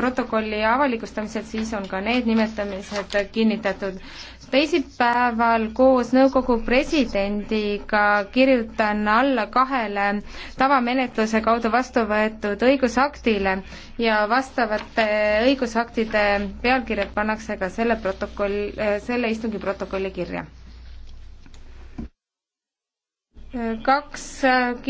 protokolli avalikustamisel, siis on ka need nimetamised kinnitatud. teisipäeval koos nõukogu presidendiga kirjutan alla kahele tavamenetluse kaudu vastu võetud õigusaktile ja vastavate õigusaktide pealkirjad pannakse ka selle protokoll, selle istungi protokolli kirja. kaks